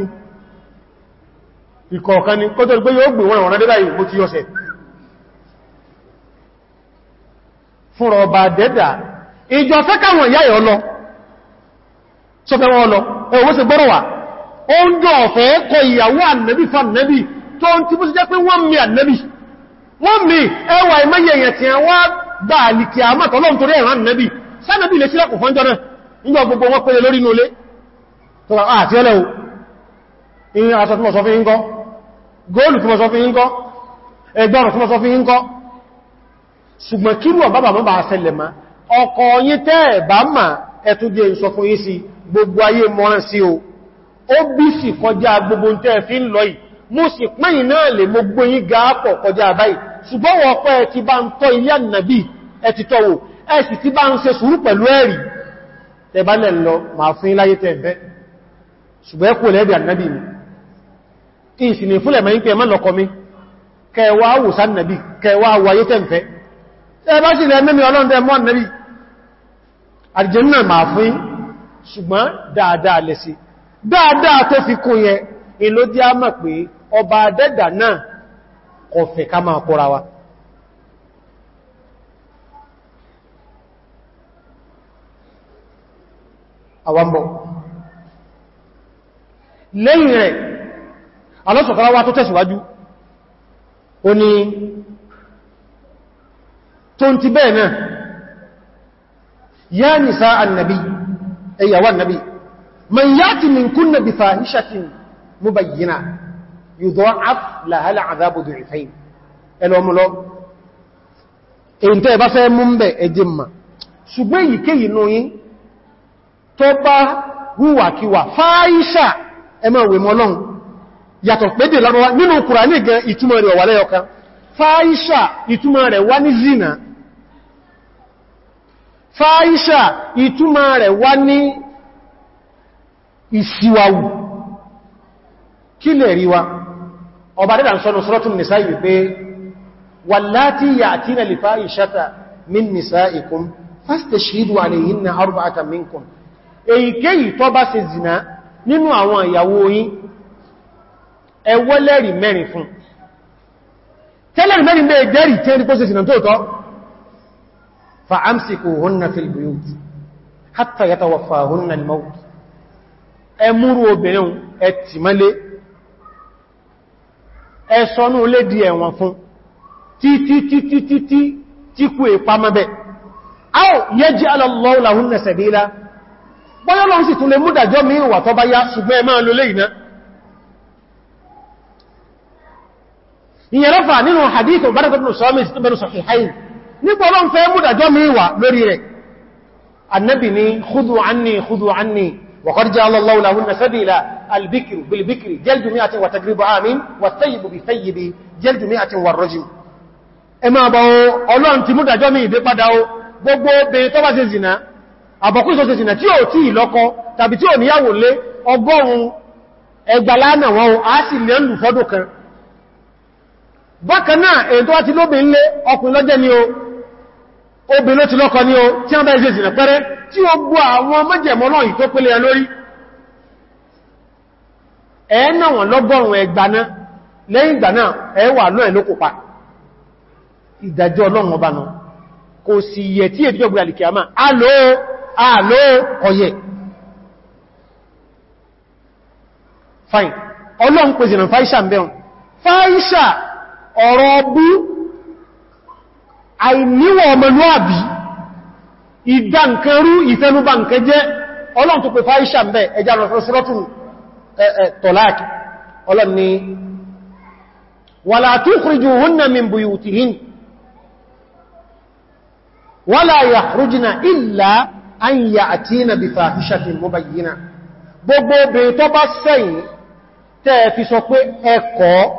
ìkọ̀ọ̀kan ni kó tó gbé yóò gbé wọ́n rán débà ìwò tí yọ́sẹ̀ fúnra ọba dẹ́dà ìjọ fẹ́kàwọn ìyá ẹ̀ ọlọ sọfẹ́ wọn ọlọ ẹ̀wọ́ sí gbọ́rọ̀ wà ó ń jọ ọ̀fẹ́ kọ ìyàwó ànẹ́bí fa ànẹ́bí tó ń tí bó sì jẹ́ pé wọ́n mi ànẹ́bí wọ́n mi ẹwà ìmẹ́yẹ èèyàn tí wọ́n gbà àlìkì àmàtọ́lọ́ nítorí ń gọ́ góòlù tí mo sọ fi ń kọ́ ẹgbọ́rùn tí mo sọ fi ń kọ́ ṣùgbọ́n kírù ọ̀bábà mọ́ bá ṣẹlẹ̀ ma ọkọ̀ yí tẹ́ bá mà ẹtúgbé ìsọ fún yí sí gbogbo ayé mọ́rán sí o ó bí sì kọjá gbogbo tẹ́ fi ń lọ yìí mo sì pẹ́yìn náà lè mo gbó yí ga pọ̀ kọjá báyìí mi ìsìnì fúnlẹ̀ le ma pè mọ́ lọ́kọ n kẹwàá wùsá nàbí kẹwàá wáyé tẹ́m̀fẹ́ ẹbá sí ilẹ̀ mẹ́mí ọlọ́ndẹ̀ mọ́ nàbí àjẹ́nà máa fún ṣùgbọ́n dáadáa lẹ́sí dáadáa tó fi kún yẹ ìlò dí a mọ̀ ọba wa lẹ́yìn alọ́sọ̀tọ́láwà tó tẹ̀síwájú ó ní tó ń ti bẹ́ẹ̀ náà yá nìsá annabi ẹ̀yàwó annabi man yáti min kúnnà bí fàáhíṣàtín mubayyina yudha'af lahala azabu du'ifayn ẹlọ́mùlọ́ èyí tẹ́ bá fẹ́ mú bẹ̀ ẹjẹ́ ma ṣùgbọ́n èyíkéyìí nú yí tó bá hùwàkíwà fàáhíṣà ẹmọ̀ ìwèmọ́lọ́run yàtọ̀ pédè lọ́rọ̀wá nínú Kùránì gan ìtumọ̀ rẹ̀ wà lẹ́yọkan fáíṣà ìtumọ̀ rẹ̀ wá ní zina fáíṣà ìtumọ̀ rẹ̀ wá ní ìsìwàwù kí lè ríwa ọba dẹ́dà ń sọ́nà suratul nisa'i wípé wallati ya'tina li fáíṣàta min nisa'ikum fastashhidu alayhinna arba'atan minkum èyíkéyìí tó bá ṣe zina nínú àwọn ìyàwó yín ẹwọ́lẹ́rì mẹ́rin fún tẹ́lẹ̀rì mẹ́rin bẹ́ẹ̀ jẹ́rì tí ẹni pósìsì náà tóòtọ́ fa amsiku hunna fil buyut hatta yatawaffa hunna al-maut ẹmúrú obìnrin ẹtìmọ́lé ẹsọ́nú lé di ẹ̀wọ̀n fún títítítítí tí kú ìpamọ́bẹ̀ aw yaj'al Allahu lahunna sabila bọ́yọ́lọ́n sì tún lè múdàjọ́ mi ìwà tọ́báyá ṣùgbọ́n ẹ ìyẹn lọ́fà nínú hadith ọ̀bárakọ̀tún sọ́mí sí tọ́bẹ̀rún sọ̀hìháyìn nípa ọlọ́n fẹ́ múdàjọ́ míwà lórí rẹ̀ annabi ni khudu anni khudu anni wa qad ja'ala Allahu lahunna sabila albikru bilbikri jaldu mi'atin wa tagribu amin wa thayyibu bi thayyibi jaldu mi'atin wa rajim ẹ máa bọ̀ ọlọ́n ti múdàjọ́ mi ìdé padà o gbogbo obìnrin tó bá ṣe zìnà àbọ̀kúsọ ṣe bákanáà èyí tó wá ti lóbi nlé ọkùnrin lọ́jẹ́ ni o obìnrin ló ti lọ́kọ ni o tí wọ́n bá ẹ̀ṣẹ̀ ìsìnà pẹ́rẹ́ tí ó gbọ́ àwọn mọ́jẹ̀mọ́ náà yìí tó pélé lórí ẹ̀ẹ́nà wọn náà ọ̀rọ̀ ọbú àìníwọ̀ ọmọlúàbí ìdá nǹkan rú ìfẹ́núbà nǹkan jẹ́ ọlọ́n tó pè fáìṣà mẹ́ ẹjà rọ̀fẹ́sọ́tún tọ̀láàkì ọlọ́n ni wala tukhrijuhunna min buyutihin wala yakhrujna illa an ya'tina bi fahishatin mubayyina sọ pé ẹ̀kọ́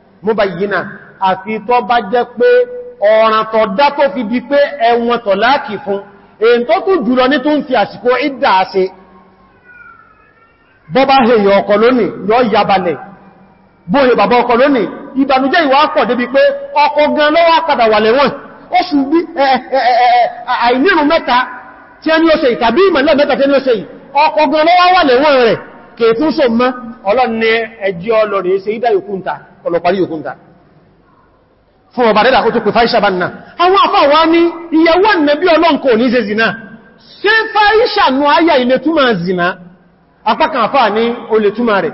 mú bá yìí náà àfi tó bá jẹ́ pé ọ̀ràn tó dá tó fi di pé ẹ̀wọ̀n tọ̀ láàkì fún èyí tó tún jùlọ ní tó ń fi àsìkò ìdáṣe bọ́bá hèyàn ọkọ lónìí yọ yabalẹ̀ bóyẹ bàbá ọkọ lónìí ìbànújẹ́ ìwà ọkọ gan lọ́wọ́ padà wà lẹ́wọ̀n ṣe ìtàbí ìmọ̀lẹ́ mẹ́ta ọlọ́parí òkúnta fún ọba dẹ́dà kó tó pè fáìṣà bá nà àwọn afá wá ní ìyàwó ànàbí ọlọ́nkò ní ṣe zina ṣe fáìṣà nù ayà ilé túnmà zina apákan afá ní o lè túnmà rẹ̀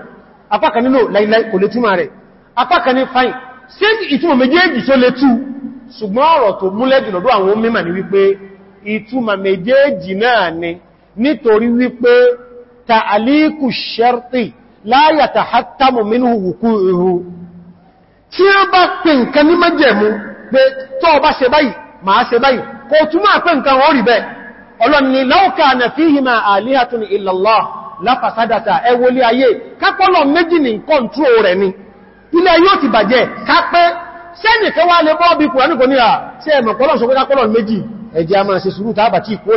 apákan nínú láìláì kò lè túnmà rẹ̀ apákan ní fáìn ṣe ìtumọ̀ méjèèjì tó lè tú ṣùgbọ́n ọ̀rọ̀ tó múlẹ̀ jù lọ́dọ̀ àwọn mímà ní wípé ìtumọ̀ láyàtà hátámù mínú wùkú ihu tí a bá pè nǹkan ní májẹ̀mú pé tó ọba ṣe báyìí máa ṣe báyìí kò túnmọ̀ pé nǹkan wọ́n bẹ́ ọlọ́ni láwọ́ká na fíhìmà àlíhàtún ìlàlá láfàsádàtà ẹwọlé ayé kápọ́lọ̀ méjì ní kọ́ntró rẹ̀ ni yóò ti bàjẹ́ kápẹ́ ń bá ní tọ́bá ṣe kí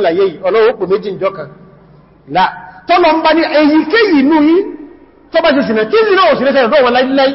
láìláì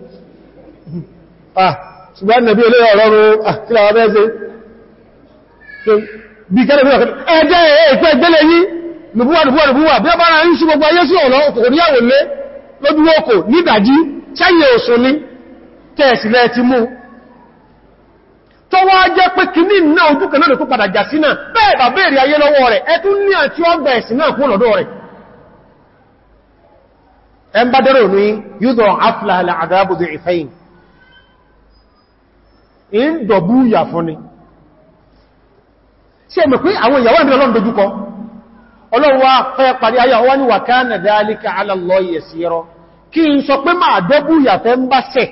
Ah, ṣùgbọ́n nàbí olè ọ̀rọ̀rún àkílà ah, ọ̀rẹ́ ṣe bí kẹ́lẹ̀ bí ọ̀kẹ́lẹ̀ ẹjẹ́ ẹ̀ẹ́kẹ́ gbẹ́lẹ̀ yí nùbúwà nùbúwà nùbúwà bí ń ṣe gbogbo ayé sí ní in dọ̀bú ìyà fún ni sí ẹ̀mẹ̀ pé àwọn ìyàwó ẹ̀mí ọlọ́run dojúkọ fẹ́ parí ayá ni wa kana dhalika ala Allahi yasira kí n sọ pé máa dọ́bú ìyà fẹ́ ń bá sẹ̀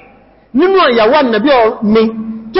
nínú ìyàwó ànàbí ti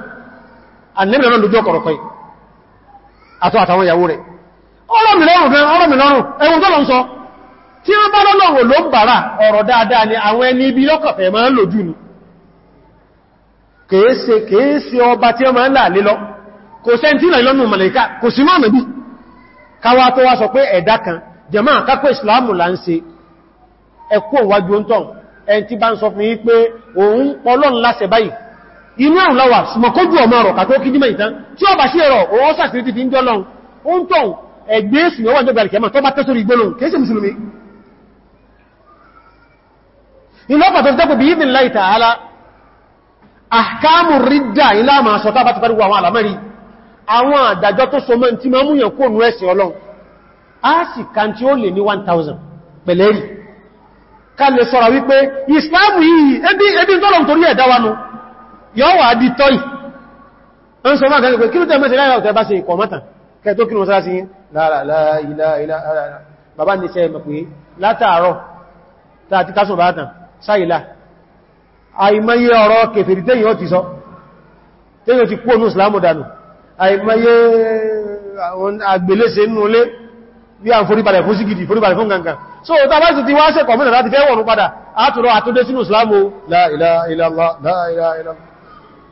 annabi lọ́nà lójú ọkọ̀rọ̀kọ́ àtọ́ àtàwọn ìyàwó rẹ̀ ọlọ́mìlọ́rùn fẹ́ ọlọ́mìlọ́rùn ẹwùn tó lọ ń sọ tí wọ́n bá lọ́lọ́rùn ni àwọn ẹni ibi lọ́kọ̀fẹ́ máa ń lòjú ni kèése kèése ọba tí wọ́n máa ń láàlé lọ kò sẹ́ntínà ìlọ́nù màlẹ̀ká kò sí mọ́ nàbí káwà tó wá sọ pé ẹ̀dá kan jẹ̀má kápẹ́ ìsìláàmù là ń ṣe ẹkú òwájú ń tàn tí bá ń sọ fún yí pé òun pọlọ́n láṣẹ báyìí inú ẹ̀rùn láwà sùmọ̀kójú ọmọ ọ̀rọ̀ kàtó kí jímẹ̀ ìtàn tí ó bá sí ẹ̀rọ òun sàkìrí ti fi ń jọ lọ ó ń tọ̀hún ẹgbẹ́ èsì mẹ́wàá jọ gbàrìkẹ́mà tó bá tẹ́sórí ìgbónà kéèsì mùsùlùmí inú ọ̀pàá tó fi tẹ́kù bí i ìdìnlá ìtàhálà àkámù rídà ilá máa sọ tá 1000 pẹ̀lẹ́rì ká lè sọ́ra wípé ìsìláàmù yìí ẹbí tọ́lọ̀ torí ẹ̀dáwánu yọ́ wà di tọ́ì ń sọ máa kẹ́kẹ́ kí ló tẹ́ mẹ́sẹ̀ láyá ọ̀tẹ́ bá ṣe ìkọ̀ mọ́ta kẹ́ẹ̀tọ́ kí ló sára sí bàbá ní sẹ́ẹ̀mọ̀ pé látàárọ̀ tààtí kásùn bá tàn sáyìlá àìmọye ọ̀rọ̀ kèfèrí tẹ́yìn ó ti sọ tẹ́yìn ó ti kúrò ní ìsìlámù dànù àìmọye àgbèlése nínú ilé bí a ń foríbalẹ̀ fún sígidi foríbalẹ̀ fún gangan so ta bá sì ti wá sẹ́kọ̀ọ́ mẹ́rin láti fẹ́ wọ̀nú padà átùrọ àtúndé sínú ìsìlámù la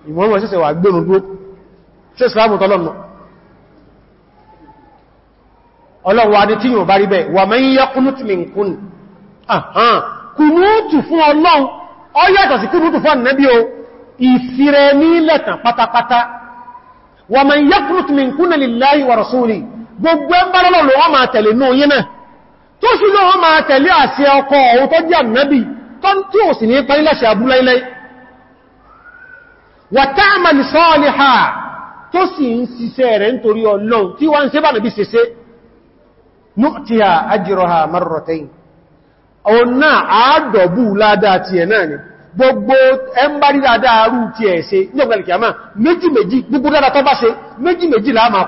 ìmọ̀mọ̀ ṣẹ̀ṣẹ̀ wà gbẹ̀rún dúró ṣe ìsìlámù tọ́lọ́nà ọlọ́wà ní tíyàn bá rí bẹ́ wà mẹ́yìn yá kúnútù mi kún kúnútù fún ọlọ́run ọ yàtọ̀ sí kúnútù fún ànẹ́bí o ìfìrẹ ní lẹ́tàn pátápátá wà mẹ́yìn yá kúnútù mi kún lillahi wa rasuli gbogbo ò sì ní parí láṣẹ wàtàmà ní sọ́ọ̀lẹ́hà tó sì ń siṣẹ́ rẹ̀ nítorí ọlọ́un tí wọ́n ń ṣe bá nàbí ṣeṣe nùtíyà ajírọha marrọ̀tẹ́yìn ọ̀nà àádọ̀bù ládá ti ẹ̀ náà ni gbogbo ẹmbárí dáadáa rú ti ẹ̀ ṣe ní ọgbẹ̀lẹ̀ kìyàmá méjì méjì gbogbo dáadáa tó bá ṣe méjì méjì la máa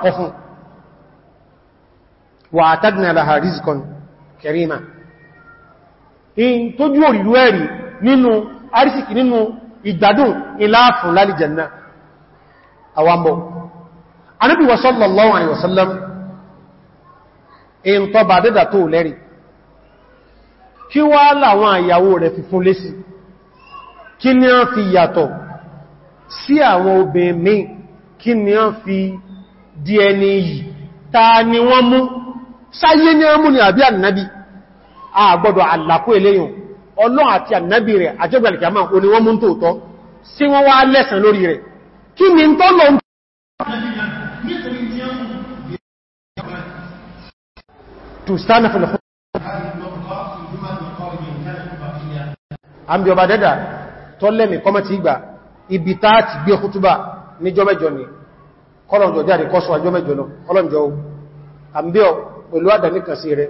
ìgbádùn ìláàfún lálì jẹ̀nà àwàmọ̀. Ànábì wa sallallahu alaihi wasallam in tọ bà dẹ́dà tó lẹ́rì kí wá láwọn àyàwó rẹ̀ fi fún lésì kí ni a fi yàtọ̀ sí àwọn obìnrin mi kí ni a fi di ẹni yìí ta ni wọ́n mú sáyé ni a mú ni àbí ànàbí a gbọ́dọ̀ àlàkó eléyìn ọlọ́ àti ànábì rẹ̀ àjẹ́gbẹ̀lẹ̀kì àmà òní wọ́n mú tóòtọ́ sí wọ́n wá lẹ́sàn lórí rẹ̀ kí ni tó lọ ń tó stand up for àmì ọba dẹ́dà tó lẹ́mì kọ́mọ̀ ti gbà ibi táà ti gbé kútúbà ní jọmẹ́jọ ni kọ́lọ̀njọ jáde kọ́sọ̀ àjọmẹ́jọ náà kọ́lọ̀njọ àmì ọ pẹ̀lú àdà níkànsí rẹ̀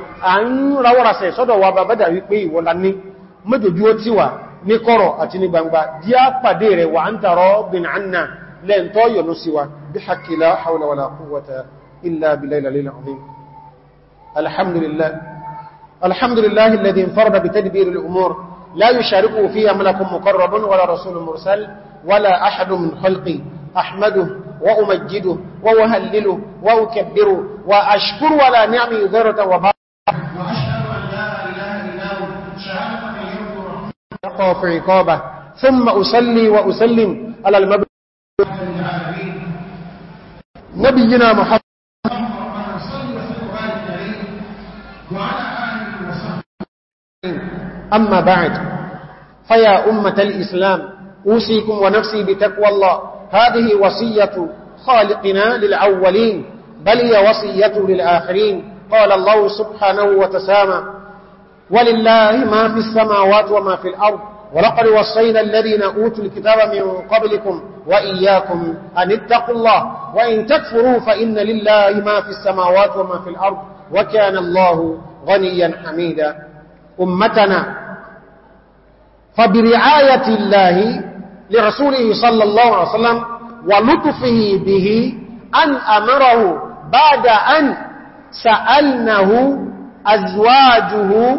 àń ń ráwọ́rasẹ̀ sọ́dọ̀ wa bàbá dà wípé ìwọ̀lá ní mẹ́jọjú ó tíwà ní kọ́rọ̀ àti ní gbangba dí á pàdé rẹ̀ wà ń tàrọ bin anna lẹ́ntọ́ yọ̀nú sí wa bí hakila haula wala quwwata illa billahi al-aliyyil azim alhamdulillah alhamdulillah alladhi infarada bi tadbir al-umur la yushariku fiha malakun muqarrabun wala rasulun mursal wala ahadun min khalqi ahmaduhu وأمجده وأهلله وأكبره وأشكر ولا نعمه ذرة وبركة أخاف عقابه ثم أصلي وأسلم على المبلغ نبينا محمد أما بعد فيا أمة الإسلام أوصيكم ونفسي بتقوى الله هذه وصية خالقنا للأولين بل هي وصية للآخرين قال الله سبحانه وتسامى ولله ما في السماوات وما في الأرض ولقد وصينا الذين أوتوا الكتاب من قبلكم وإياكم أن اتقوا الله وإن تكفروا فإن لله ما في السماوات وما في الأرض وكان الله غنيا حميدا أمتنا فبرعاية الله لرسوله صلى الله عليه وسلم ولطفه به أن أمره بعد أن سألنه أزواجه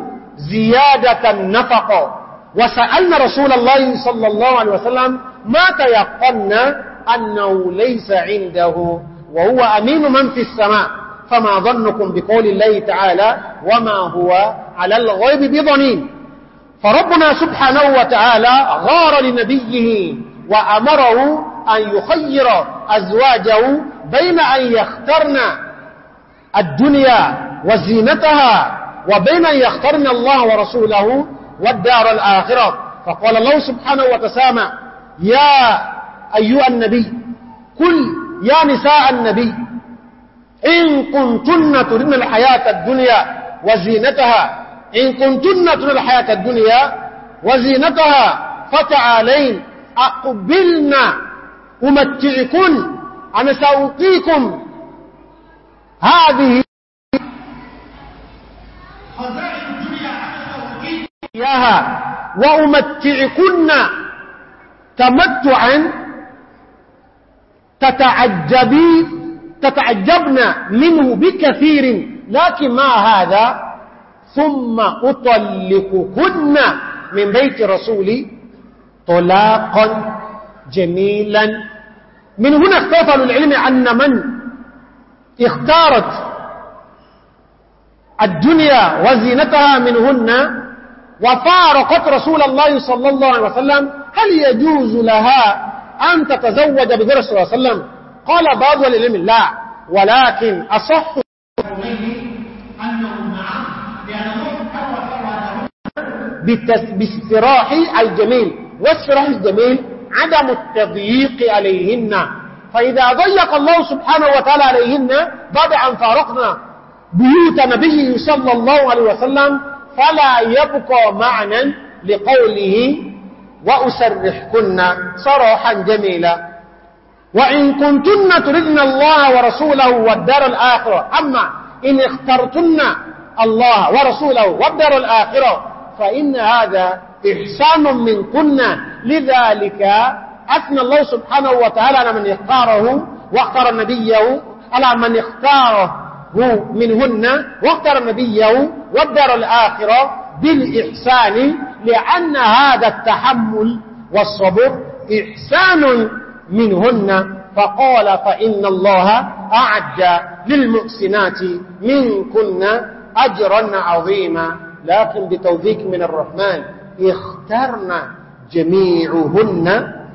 زيادة النفقة وسألنا رسول الله صلى الله عليه وسلم ما تيقنا أنه ليس عنده وهو أمين من في السماء فما ظنكم بقول الله تعالى وما هو على الغيب بظنين فربنا سبحانه وتعالى غار لنبيه وأمره أن يخير أزواجه بين أن يخترن الدنيا وزينتها وبين أن يخترن الله ورسوله والدار الآخرة فقال الله سبحانه وتسامى يا أيها النبي كل يا نساء النبي إن كنتن ترن الحياة الدنيا وزينتها إن كنتن ترن الحياة الدنيا وزينتها فتعالين أقبلن أمتعكن أنا سأوقيكم هذه إياها وأمتعكن تمتعا تتعجبي تتعجبن منه بكثير لكن ما هذا ثم أطلقكن من بيت رسولي طلاقا جميلا من هنا اختلف العلم أن من اختارت الدنيا وزينتها منهن وفارقت رسول الله صلى الله عليه وسلم هل يجوز لها أن تتزوج بذر صلى الله عليه وسلم قال بعض العلم لا ولكن أصح باستراح الجميل واستراح الجميل عدم التضييق عليهن فإذا ضيق الله سبحانه وتعالى عليهن بعد أن فارقنا بيوت نبيه صلى الله عليه وسلم فلا يبقى معنى لقوله وأسرحكن صراحا جميلا وإن كنتن تردن الله ورسوله والدار الآخرة أما إن اخترتن الله ورسوله والدار الآخرة فإن هذا إحسان منكن لذلك أثنى الله سبحانه وتعالى على من اختاره واختار نبيه على من اختاره منهن واختار نبيه والدار الآخرة بالإحسان لأن هذا التحمل والصبر إحسان منهن فقال فإن الله أعد للمحسنات منكن أجرا عظيما لكن بتوذيك من الرحمن اخترنا جميعهن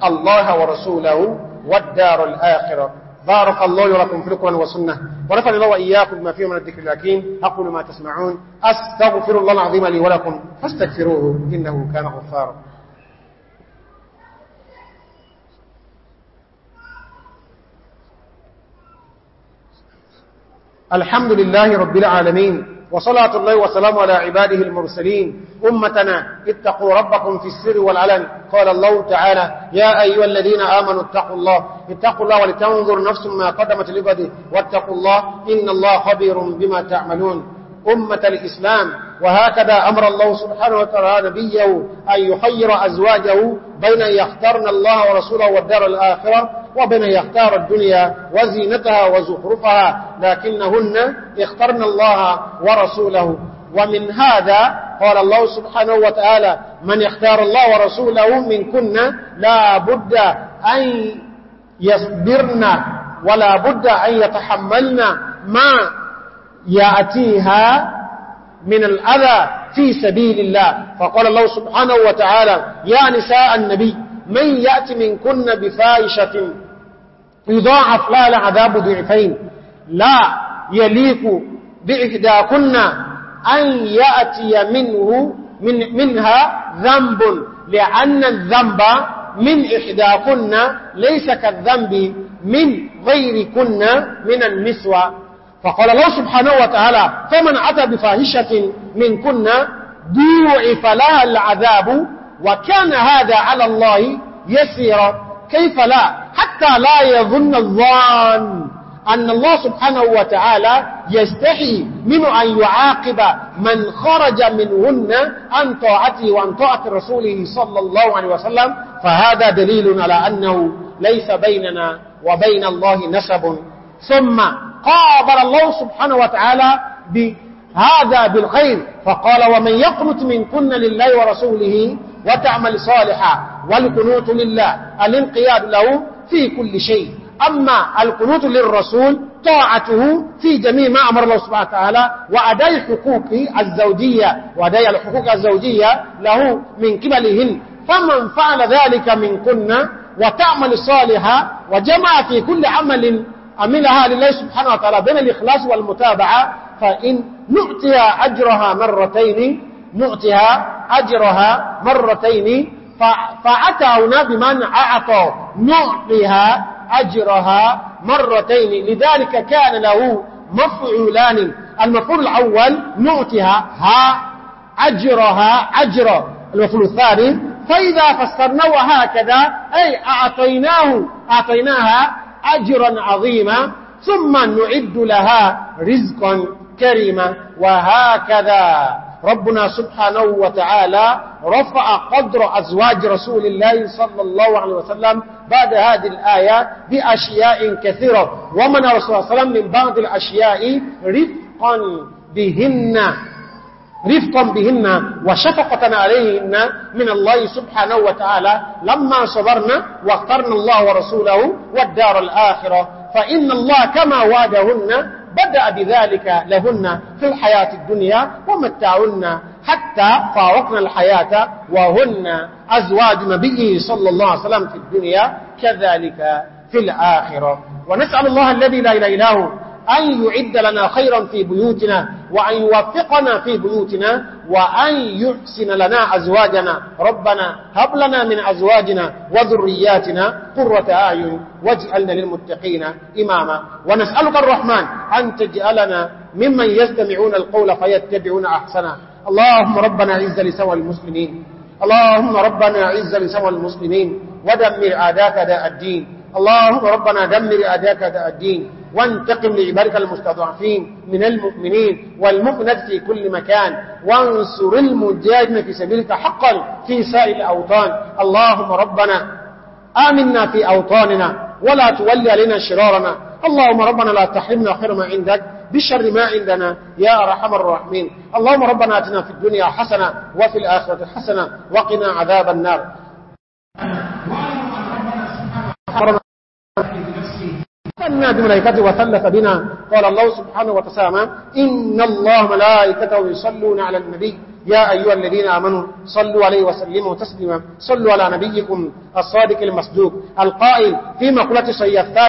الله ورسوله والدار الآخرة بارك الله لكم في القرآن والسنة ونفر الله وإياكم بما فيه من الذكر الأكيم أقول ما تسمعون أستغفر الله العظيم لي ولكم فاستغفروه إنه كان غفارا الحمد لله رب العالمين وصلاة الله وسلام على عباده المرسلين أمتنا اتقوا ربكم في السر والعلن قال الله تعالى يا أيها الذين آمنوا اتقوا الله اتقوا الله ولتنظر نفس ما قدمت لبده واتقوا الله إن الله خبير بما تعملون أمة الإسلام وهكذا أمر الله سبحانه وتعالى نبيه أن يخير أزواجه بين أن يختارن الله ورسوله والدار الآخرة وبين أن يختار الدنيا وزينتها وزخرفها لكنهن اخترن الله ورسوله ومن هذا قال الله سبحانه وتعالى من اختار الله ورسوله من كنا لا بد أن يصبرنا ولا بد أن يتحملنا ما يأتيها من الأذى في سبيل الله فقال الله سبحانه وتعالى يا نساء النبي من يأتي منكن بفائشة يضاعف لها العذاب ضعفين لا يليق بإحداكن أن يأتي منه من منها ذنب لأن الذنب من إحداكن ليس كالذنب من غيركن من النسوة فقال الله سبحانه وتعالى فمن أتى بفاهشة من كنا ضيعف لها العذاب وكان هذا على الله يسيرا كيف لا حتى لا يظن الظان أن الله سبحانه وتعالى يستحي من أن يعاقب من خرج منهن عن طاعته وعن طاعة رسوله صلى الله عليه وسلم فهذا دليل على أنه ليس بيننا وبين الله نسب ثم قابل الله سبحانه وتعالى بهذا بالخير فقال ومن يقنط من كن لله ورسوله وتعمل صالحا والقنوت لله الانقياد له في كل شيء أما القنوت للرسول طاعته في جميع ما أمر الله سبحانه وتعالى وأداء الحقوق الزوجية وأداء الحقوق الزوجية له من قبلهن فمن فعل ذلك من كنا وتعمل صالحا وجمع في كل عمل عملها لله سبحانه وتعالى بين الإخلاص والمتابعة فإن نؤتها أجرها مرتين نؤتها أجرها مرتين فأتى هنا بمن أعطى نؤتها أجرها مرتين لذلك كان له مفعولان المفعول الأول نؤتها ها أجرها أجر المفعول الثاني فإذا فسرناه هكذا أي أعطيناه أعطيناها أجرا عظيما ثم نعد لها رزقا كريما وهكذا ربنا سبحانه وتعالى رفع قدر أزواج رسول الله صلى الله عليه وسلم بعد هذه الآية بأشياء كثيرة ومن رسول الله صلى الله عليه وسلم من بعض الأشياء رفقا بهن رفقا بهن وشفقة عليهن من الله سبحانه وتعالى لما صبرنا واخترنا الله ورسوله والدار الآخرة فإن الله كما وادهن بدأ بذلك لهن في الحياة الدنيا ومتعهن حتى فارقنا الحياة وهن أزواج نبيه صلى الله عليه وسلم في الدنيا كذلك في الآخرة ونسأل الله الذي لا إله إلا هو أن يعد لنا خيرا في بيوتنا وأن يوفقنا في بيوتنا وأن يحسن لنا أزواجنا ربنا هب لنا من أزواجنا وذرياتنا قرة أعين واجعلنا للمتقين إماما ونسألك الرحمن أن تجعلنا ممن يستمعون القول فيتبعون أحسنا اللهم ربنا عز لسوى المسلمين اللهم ربنا عز لسوى المسلمين ودمر عادات داء الدين اللهم ربنا دمر أداك أداء الدين وانتقم لعبادك المستضعفين من المؤمنين والمؤمنة في كل مكان وانصر المجاهدين في سبيلك حقا في سائر الأوطان اللهم ربنا آمنا في أوطاننا ولا تولي علينا شرارنا اللهم ربنا لا تحرمنا خير ما عندك بشر ما عندنا يا أرحم الراحمين اللهم ربنا أتنا في الدنيا حسنة وفي الآخرة حسنة وقنا عذاب النار وسمعت ملائكته وثلث بنا قال الله سبحانه وتسامى إن الله ملائكته يصلون على النبي يا أيها الذين آمنوا صلوا عليه وسلموا تسليما صلوا على نبيكم الصادق المصدوق القائل في مقولة شيء